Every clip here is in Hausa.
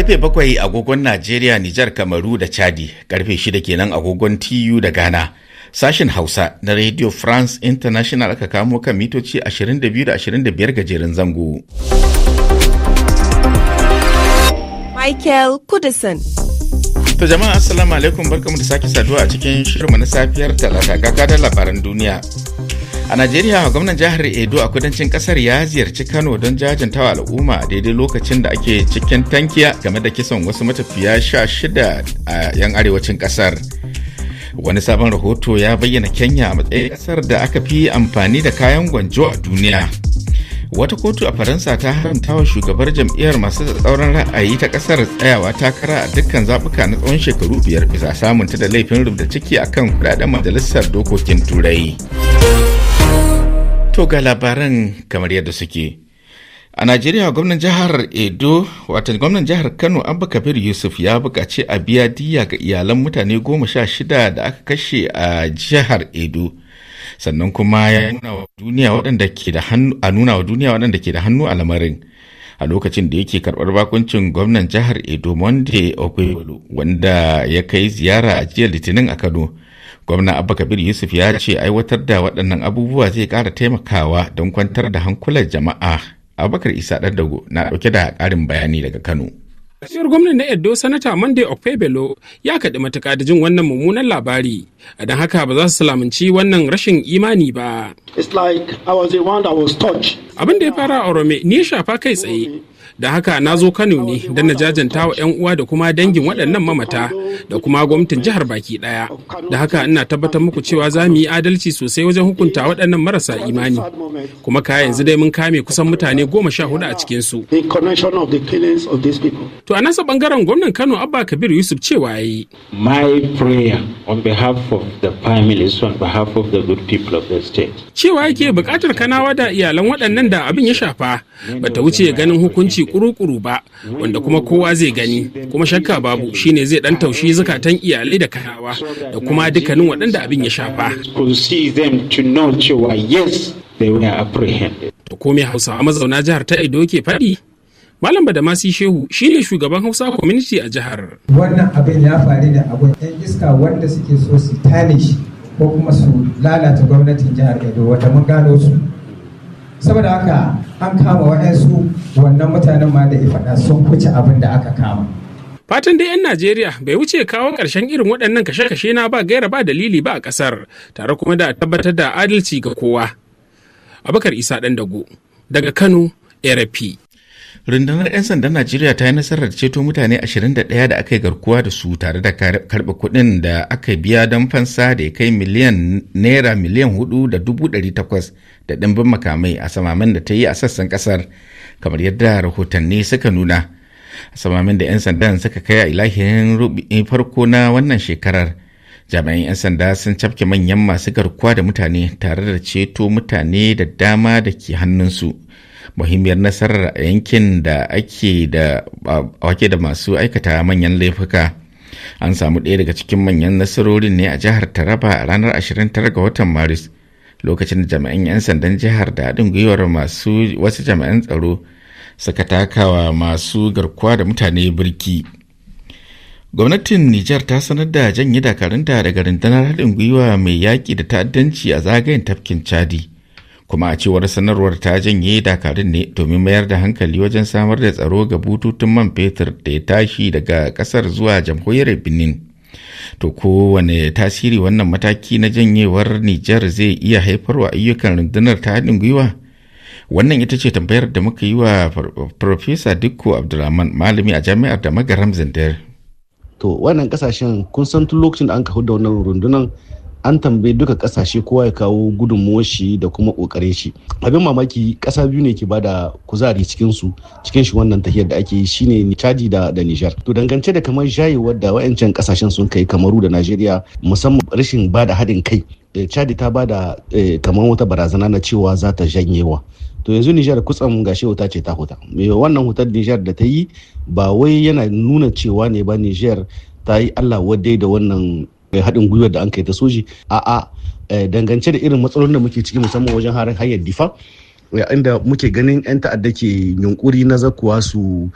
Karfe bakwai agogon Najeriya, Nijar, Kamaru da Chadi, karfe shida kenan agogon TU da Ghana. Sashen Hausa na Radio France International aka kamo kan mitoci 22 25 gajeren zango. Michael Kudison. To jama'a assalamu alaikum barkamu da sake saduwa a cikin shirinmu na safiyar talata da labaran duniya. A Najeriya gwamnan jihar Edo a kudancin kasar ya ziyarci Kano don jajantawa al'umma a daidai lokacin da ake cikin tankiya game da kisan wasu matafiya sha shida a 'yan arewacin kasar. Wani sabon rahoto ya bayyana Kenya a matsayin kasar da aka fi amfani da kayan gwanjo a duniya. Wata kotu a Faransa ta haramta wa shugabar jam'iyyar masu tsauran ra'ayi ta kasar tsayawa takara a dukkan zabuka na tsawon shekaru biyar bisa samun ta da laifin rubda ciki akan kudaden majalisar dokokin turai. To ga labaran kamar yadda suke. A Najeriya gwamnan jihar Edo, wata gwamnan jihar Kano Abba Kabir Yusuf ya bukaci a biya diya ga iyalan mutane goma sha shida da aka kashe a jihar Edo. Sannan kuma ya nuna wa duniya waɗanda ke da hannu a lamarin. A lokacin da yake karɓar bakuncin gwamnan jihar Edo Monday Okwebolo, wanda ya kai ziyara a jiya Litinin a Kano. gwamna abba kabir yusuf ya ce aiwatar da waɗannan abubuwa zai ƙara taimakawa don kwantar da hankulan jama'a abubakar isa dago na ɗauke da ƙarin bayani daga kano Shiyar gwamnan na Edo Sanata Monday Okpebelo ya kaɗi matuƙa da jin wannan mummunan labari, a don haka ba za su salamanci wannan rashin imani ba. Abin da ya fara a Orome ni ya shafa kai tsaye, da haka na zo kano ne don na jajanta wa 'yan uwa da kuma dangin waɗannan mamata da kuma gwamnatin jihar baki ɗaya da haka ina tabbatar muku cewa za mu yi adalci sosai wajen hukunta waɗannan marasa imani kuma kaya yanzu dai mun kame kusan mutane goma sha hudu a cikin su to a nasa bangaren gwamnan kano abba kabir yusuf cewa ya yi my prayer on behalf of the families on behalf of the good people of the state cewa yake bukatar kanawa da iyalan waɗannan da abin ya shafa bata wuce ganin hukunci kurukuru ba wanda kuma kowa zai gani kuma shakka babu shine zai dan taushi zakatan iyalai da kanawa da kuma dukkanin waɗanda abin ya shafa to komai hausa mazauna jihar ta edo ke faɗi Malam Badamasi Shehu shine shugaban Hausa Community a jihar. Wannan abin ya faru da abin 'yan iska wanda suke so su tanish ko kuma su lalata gwamnatin jihar Edo wata mun gano su saboda haka an kama waɗansu wannan mutanen ma da ifada sun wuce abin da aka kama fatan dai 'yan najeriya bai wuce kawo ƙarshen irin waɗannan kashe-kashe na ba gaira ba dalili ba a ƙasar tare kuma da tabbatar da adalci ga kowa abakar isa ɗan dago daga kano rfp rundunar 'yan sandan najeriya ta yi nasarar ceto mutane 21 da aka yi garkuwa da su tare da karɓe kuɗin da aka biya don fansa da ya kai miliyan naira miliyan hudu da dubu da ɗimbin makamai a samamin da ta yi a sassan ƙasar kamar yadda rahotanni suka nuna a samamin da 'yan sandan suka kai a ilahirin eh, farko na wannan shekarar jami'an 'yan sanda sun cafke manyan masu garkuwa da mutane tare da ceto mutane da dama da ke hannunsu. muhimmiyar nasarar a yankin da ake da da masu aikata manyan laifuka an samu ɗaya daga cikin manyan nasarorin ne a jihar taraba a ranar 29 ga watan maris lokacin da jami'an 'yan sandan jihar da haɗin gwiwar masu wasu jami'an tsaro suka takawa masu garkuwa da mutane birki gwamnatin nijar ta sanar da janye dakarunta daga rundunar haɗin gwiwa mai yaƙi da ta'addanci a zagayen tafkin chadi kuma a cewar sanarwar ta janye dakarun ne domin mayar da hankali wajen samar da tsaro ga bututun man fetur da ya tashi daga kasar zuwa jamhuriyar benin to kowane tasiri wannan mataki na janyewar nijar zai iya haifarwa ayyukan rundunar ta haɗin gwiwa wannan ita ce tambayar da muka yi wa Profesa Dikko Abdulrahman malami a jami'ar da magaram zandar to wannan kasashen kun san tun lokacin da an kahu da wannan rundunar an tambayi duka kasashe kowa ya kawo gudunmuwar shi da kuma kokarin shi abin mamaki kasa biyu ne ke ba da kuzari cikin su cikin shi wannan tahiyar da ake yi shine chadi da da nijar to dangance da kamar jayewar da wayancan kasashen sun kai kamaru da najeriya musamman rashin ba da haɗin kai eh, chadi ta ba da eh, kamar wata barazana na cewa za ta janyewa to yanzu nijar kutsan gashi wuta ce ta huta wannan hutar nijar da ta yi ba wai yana nuna cewa ne ba nijar ta yi allah wadai da wannan Eh, haɗin gwiwa da an kai ta soji a'a eh, dangance da irin matsalolin da muke ciki musamman wajen harin hayar difa eh, inda muke ganin 'yan ta'adda ke yunkuri na zakuwa su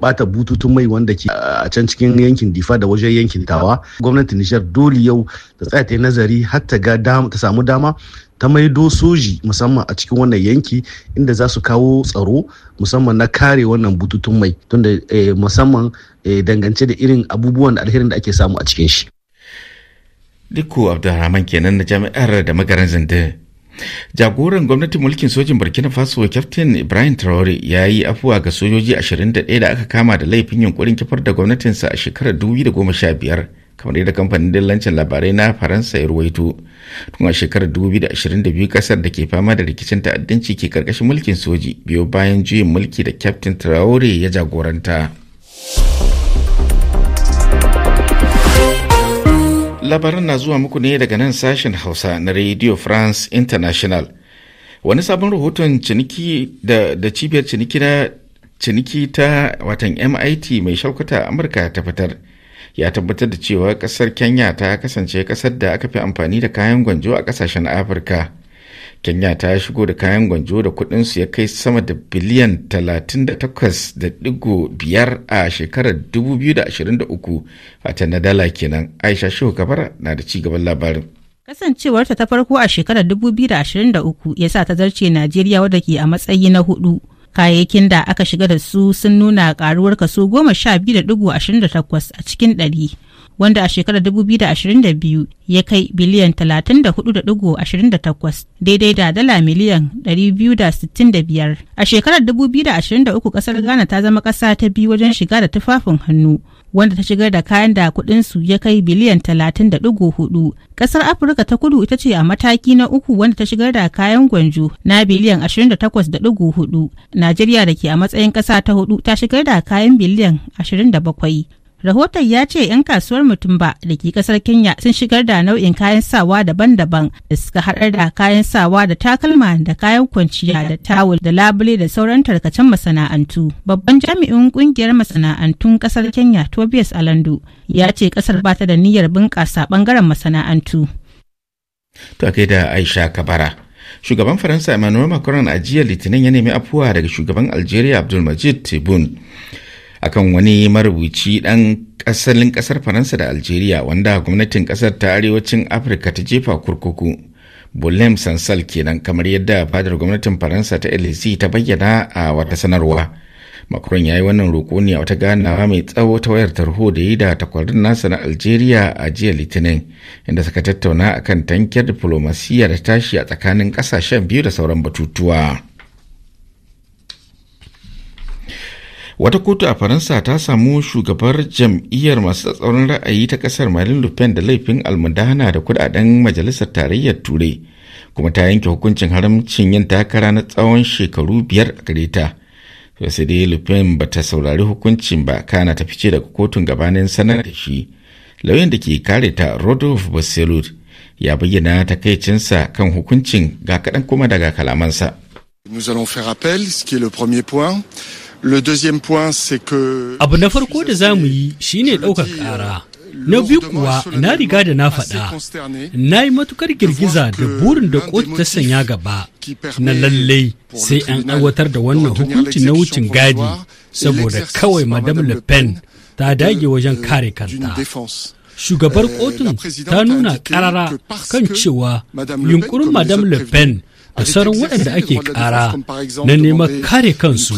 bata bututun mai wanda ke a can cikin yankin difa da wajen yankin tawa gwamnatin nishar dole yau ta tsaya ta yi nazari har ta ga ta samu dama ta maido soji musamman a cikin wannan yanki inda za su kawo tsaro musamman na kare wannan bututun mai tunda musamman dangance da irin abubuwan da alherin da ake samu a cikin shi Liko Abdulrahman kenan na jami'ar da magaran zindin. Jagoran gwamnatin mulkin sojin Burkina Faso Kyaftin Ibrahim Traore ya yi afuwa ga sojoji 21 da aka kama da laifin yunkurin kifar da gwamnatinsa a shekarar 2015 kamar yadda kamfanin dillancin labarai na Faransa ya ruwaito. Tun a shekarar 2022 kasar da ke fama da rikicin ta'addanci ke karkashin mulkin soji biyo bayan juyin mulki da Kyaftin Traore ya jagoranta. labaran na zuwa muku ne daga nan sashen Hausa na Radio France International. Wani sabon rahoton ciniki da, da cibiyar ciniki na ciniki ta watan MIT mai shaukata Amurka ta fitar ya tabbatar da cewa kasar Kenya ta kasance kasar da aka fi amfani da kayan gwanjo a kasashen Afirka. kenya ta shigo da kayan gwanjo da kudin ya kai sama da biliyan 38.5 a shekarar 2023 fata na dala kenan aisha shehu kabara na da cigaban labarin kasancewarta ta farko a shekarar 2023 ya sa ta zarce najeriya wadda ke a matsayi na hudu kayayyakin da aka shiga da su sun nuna karuwar kaso 12.28 a cikin ɗari. wanda a shekarar 2022 ya kai biliyan 34.28 daidai da dala miliyan 265. A shekarar 2023 kasar Ghana ta zama ƙasa ta biyu wajen shiga da tufafin hannu. wanda ta shigar da kayan da kudinsu ya kai biliyan 30.4. Kasar Afirka ta kudu ita ce a mataki na uku wanda ta shigar da kayan gwanjo na biliyan 28.4. Najeriya da ke a matsayin ƙasa ta hudu ta shigar da kayan biliyan 27. Rahoton ya ce 'yan kasuwar mutumba ba da ke kasar Kenya sun shigar da nau'in kayan sawa daban-daban da suka haɗar da kayan sawa da takalma da kayan kwanciya da tawul da labule da sauran tarkacen masana'antu. Babban jami'in kungiyar masana'antun kasar Kenya Tobias Alandu ya ce kasar ba ta da niyyar bunƙasa ɓangaren masana'antu. da Aisha Kabara. shugaban faransa emmanuel macron a jiya litinin ya nemi afuwa daga shugaban algeria abdulmajid tebun akan wani marubuci ɗan asalin ƙasar faransa da algeria wanda gwamnatin ƙasar ta arewacin afirka ta jefa kurkuku bolem sansal kenan kamar yadda fadar gwamnatin faransa ta lc e ta bayyana a wata sanarwa macron ya yi wannan roƙo ne a wata ganawa mai tsawo ta wayar tarho da yi da takwarin nasa na algeria a jiya litinin inda suka tattauna akan tankiyar diflomasiyya da tashi a tsakanin ƙasashen biyu da sauran batutuwa. wata kotu a faransa ta samu shugabar jam'iyyar masu tsatsauran ra'ayi ta kasar marin lupin da laifin almudana da kudaden majalisar tarayyar turai kuma ta yanke hukuncin haramcin yin takara na tsawon shekaru biyar a gare ta sai dai lupin ba ta saurari hukuncin ba kana ta fice daga kotun gabanin sanar da shi lauyan da ke kare ta rodolf barcelot ya bayyana takaicinsa kan hukuncin ga kaɗan kuma daga kalamansa Nous allons faire appel, ce qui est le premier point. Abu na farko da za mu yi shi ne ɗaukar ƙara. Euh, na biyu kuwa na riga da na faɗa, na yi matukar girgiza da burin da kotu ta sanya gaba na lallai sai an aiwatar da wannan hukunci na wucin gadi saboda kawai Madam Le Pen ta dage wajen euh, kare kanta. Shugabar euh, kotun ta nuna ƙarara kan cewa yunkurin Madam Le Pen da sauran waɗanda ake ƙara na neman kare kansu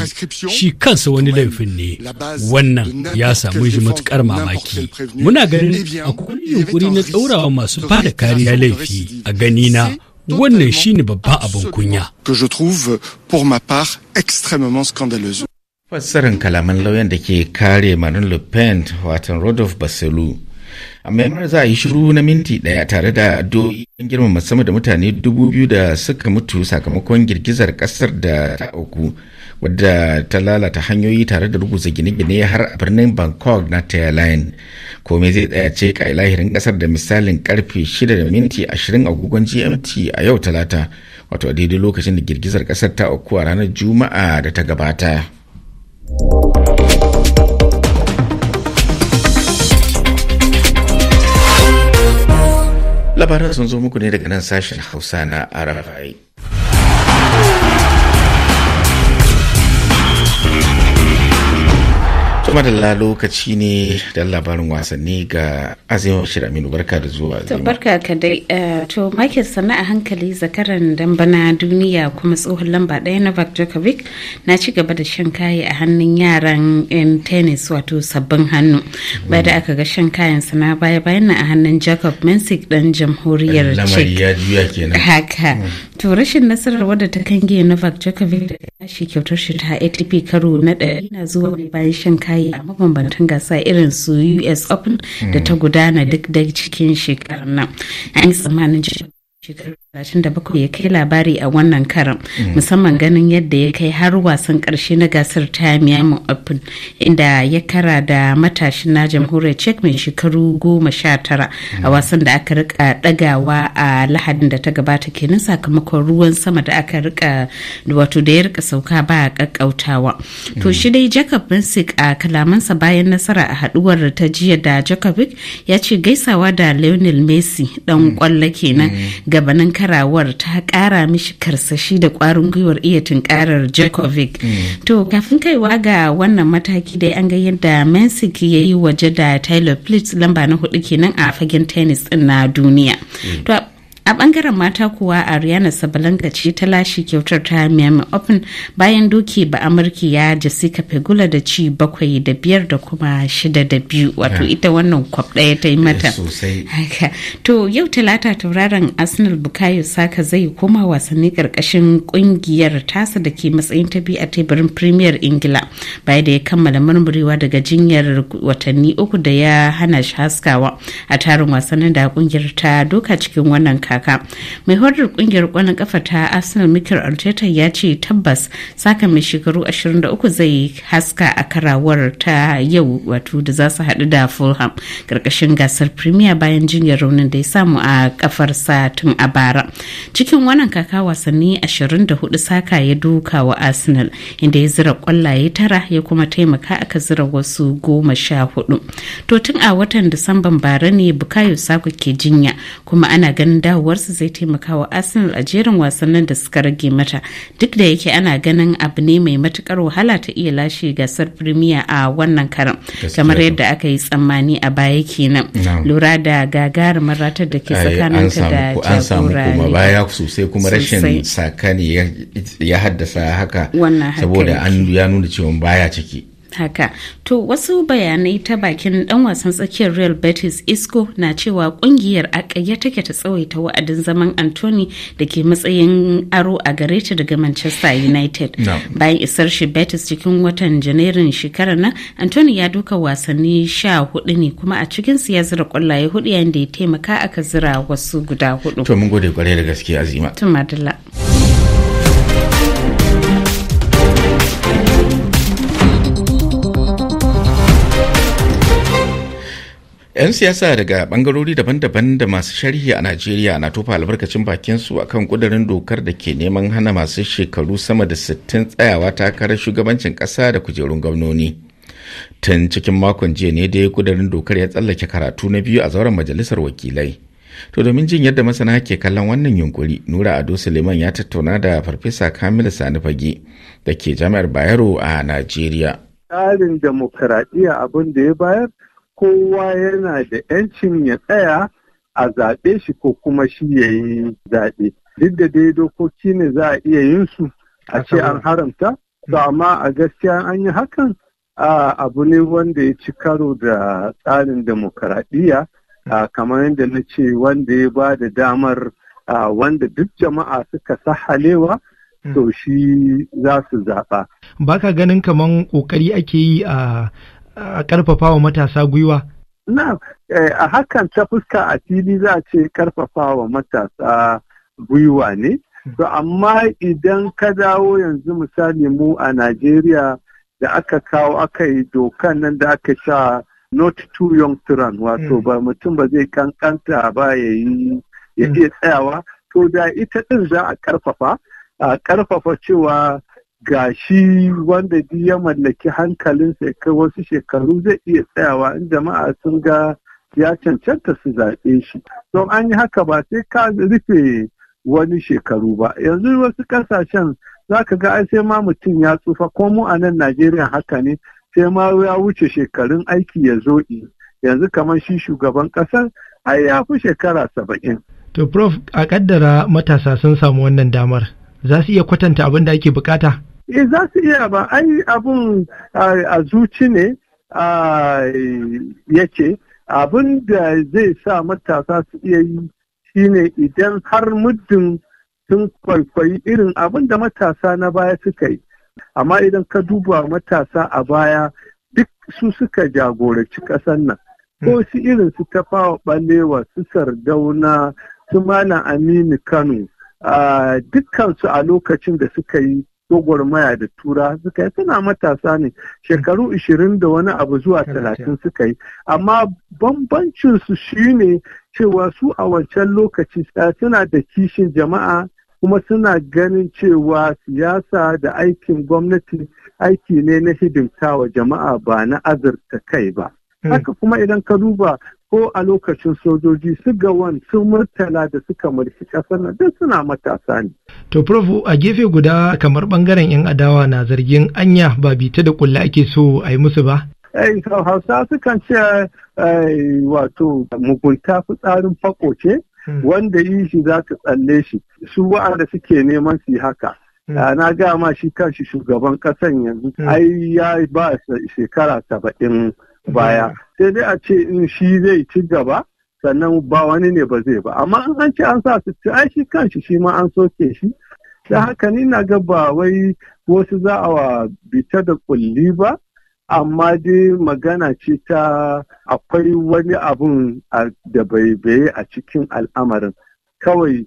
shi kansa wani laifin ne wannan ya samu shi matuƙar mamaki muna ganin akwai yunkuri na ɗaurawa masu ba da kariya laifi a ganina wannan shi ne babban abin kunya fassarin kalaman lauyan da ke kare marin le pen watan rodolphe baselu amma za a yi shiru na minti daya tare da addu'o'i girmama sama da mutane dubu biyu da suka mutu sakamakon girgizar kasar da ta uku wadda ta lalata hanyoyi tare da rubuta gine-gine har a birnin bangkok na thailand komai zai tsaya ce ka lahirin kasar da misalin karfe 6 da minti 20 agogon gmt a yau talata wato a daidai lokacin da girgizar kasar ta uku a ranar juma'a da ta gabata. labaran sun zo muku ne daga nan sashen hausa na arabai kuma da lokaci ne da labarin wasanni ga azimin bashir barka da zuwa to barka ka dai eh, to michael sana a hankali zakaran dambana duniya kuma tsohon lamba ɗaya novak jokovic na ci gaba da shan kayi a hannun yaran yan tennis wato sabbin hannu bai da aka ga shan kayan sana baya bayan a hannun jacob mensik dan jamhuriyar czech haka hmm. to rashin nasarar wadda ta kange novak djokovic da shi kyautar shi ta atp karo na ɗaya na zuwa bayan shan kayi yi a mabambantan gasa irin su us open da ta hmm. gudana duk da cikin shekarar nan an yi tsammanin shekarar 37 ya kai labari a wannan karan mm. musamman ganin yadda ya kai har wasan karshe na gasar ta Miami Open inda ya kara da matashin na jamhuriyar Czech mai shekaru 19 a mm. wasan da aka rika dagawa a lahadin da ta gabata kenan sakamakon ruwan sama da aka rika wato da ya rika sauka ba a kakkautawa to mm. shi dai Jacob Bensic a kalamansa bayan nasara a haduwar ta jiya da jacob ya ce gaisawa da Lionel Messi dan kwallo kenan gabanin karawar ta kara mishi karsashi da kwarin gwiwar iya tunkarar Djokovic. Mm. To kafin kaiwa ga wannan mataki dai an ga yadda Mensik ya yi waje da Taylor Plitz lamba na hudu kenan a fagen tennis na duniya. Mm. To a bangaren mata kuwa ariana sabalanga ce ta lashe kyautar ta miami open bayan doki ba amurki ya jessica pegula da ci bakwai da biyar da kuma shida da biyu wato ita wannan kwab ɗaya ta yi mata to yau talata tauraron arsenal bukayo saka zai koma wasanni karkashin kungiyar tasa da ke matsayin ta biyu a teburin premier ingila bayan da ya kammala murmurewa daga jinyar watanni uku da ya hana shi haskawa a tarin wasannin da kungiyar ta doka cikin wannan haka mai horar kungiyar kwanan kafa ta arsenal mikel arteta ya ce tabbas saka mai shekaru 23 zai haska a karawar ta yau wato da za su haɗu da fulham karkashin gasar premier bayan jinyar raunin da ya samu a sa tun a bara cikin wannan kaka wasanni 24 saka ya duka wa arsenal inda ya zira kwallaye tara ya kuma taimaka aka zira wasu goma sha hudu to tun a watan disamban bara ne bukayo sako ke jinya kuma ana ganin dawo dawowarsa zai taimaka wa arsenal a jerin wasannin da suka rage mata duk da yake ana ganin abu ne mai matukar wahala ta iya lashe gasar premier a wannan karan kamar yadda aka yi tsammani a baya kenan lura da gagarumin ratar da ke tsakaninta da an sosai kuma rashin ya haddasa haka saboda an ya nuna cewa baya ciki haka to wasu bayanai ta bakin dan wasan tsakiyar real betis isco na cewa kungiyar a take ta tsawaita wa'adin zaman anthony da ke matsayin aro a gare ta daga manchester united no. bayan isar shi betis cikin watan janairun shekarar nan anthony ya duka wasanni sha hudu ne kuma a cikin su ya zira kwallaye hudu yayin da ya taimaka aka zira wasu guda hudu to mun gode kwarai da gaske azima tun 'Yan siyasa daga bangarori daban-daban da masu sharhi a Najeriya na tofa albarkacin bakinsu a kan kudurin dokar da ke neman hana masu shekaru sama da 60 tsayawa takarar shugabancin kasa da kujerun gwamnoni. Tun cikin makon jiya ne da dai kudurin dokar ya tsallake karatu na biyu a zauren majalisar wakilai. To domin jin yadda masana ke kallon wannan yunkuri, Nura Ado Suleiman ya tattauna da Farfesa Kamilu Sani Fage da ke Jami'ar Bayero a Najeriya. Tsarin demokuraɗiyya abin da ya bayar kowa yana da 'yancin ya tsaya a zaɓe shi ko kuma shi ya yi zaɓe duk da dai dokoki ne za a iya yin su a ce an haramta to hmm. amma a gaskiya an yi hakan abu ne wanda ya ci karo da tsarin demokaradiyya hmm. kamar yadda na ce wanda ya ba da damar wanda duk jama'a suka sahalewa hmm. to shi za su zaɓa. Baka ganin kamar ƙoƙari ake yi a a wa matasa gwiwa na eh, a hakan ta fuska a fili za a ce ƙarfafawa matasa gwiwa ne to amma idan ka dawo yanzu misali mu a najeriya da aka kawo aka yi dokan nan da aka sha not too young to run wato mm. ba mutum ba zai kankanta ba ya yi ya iya mm. tsayawa to da ita din za a karfafa a karfafa cewa ga shi wanda di ya mallaki hankalinsa ya kai wasu shekaru zai iya tsayawa in jama'a sun ga ya cancanta su zaɓe shi don an yi haka ba sai ka rufe wani shekaru ba yanzu wasu ƙasashen za ka ga ai sai ma mutum ya tsufa ko mu a nan najeriya haka ne sai ma ya wuce shekarun aiki ya zo yanzu kamar shi shugaban ƙasar ai ya fi shekara saba'in. to prof a ƙaddara matasa sun samu wannan damar za su iya kwatanta abin da ake bukata? eh za su iya ba ai abun a zuci ne yake abin da zai sa matasa su iya yi shine idan har muddin sun kwaikwayi irin abin da matasa na baya suka yi amma idan ka duba matasa a baya duk su suka jagoraci ƙasar nan hmm. ko su irin su fawa ɓalewa su sardauna su mana aminu kano su a lokacin da suka yi gwagwarmaya da tura suka yi suna matasa ne shekaru ishirin da wani abu zuwa talatin suka yi amma bambancinsu ne cewa su a wancan lokaci suna da kishin jama'a kuma suna ganin cewa siyasa da aikin gwamnati aiki ne na hidimta wa jama'a ba na azurta kai ba. Hmm. Haka kuma idan ka duba ko a lokacin sojoji su gawan su murtala da suka mulki kasar nan duk suna matasa ne. To Prof a gefe guda kamar bangaren 'yan adawa na zargin anya ba bita da kulla ake so a yi musu ba? Eh, hausa sukan ce wato mugunta tsarin fako ce hmm. wanda yi shi za ka tsalle shi su wa'anda suke neman su yi haka. Hmm. na shi ma shi kanshi shugaban kasan yanzu hmm. ai ya ba shekara saba'in baya hmm. sai dai a ce in mm, shi zai ci gaba sannan ba wani ne ba zai ba amma in an ce an sa su ci ai shi kanshi shi ma an soke shi da haka ni na ga ba wai wasu za a wa bita da kulli ba amma dai magana ce ta akwai wani abun da bai a cikin al'amarin kawai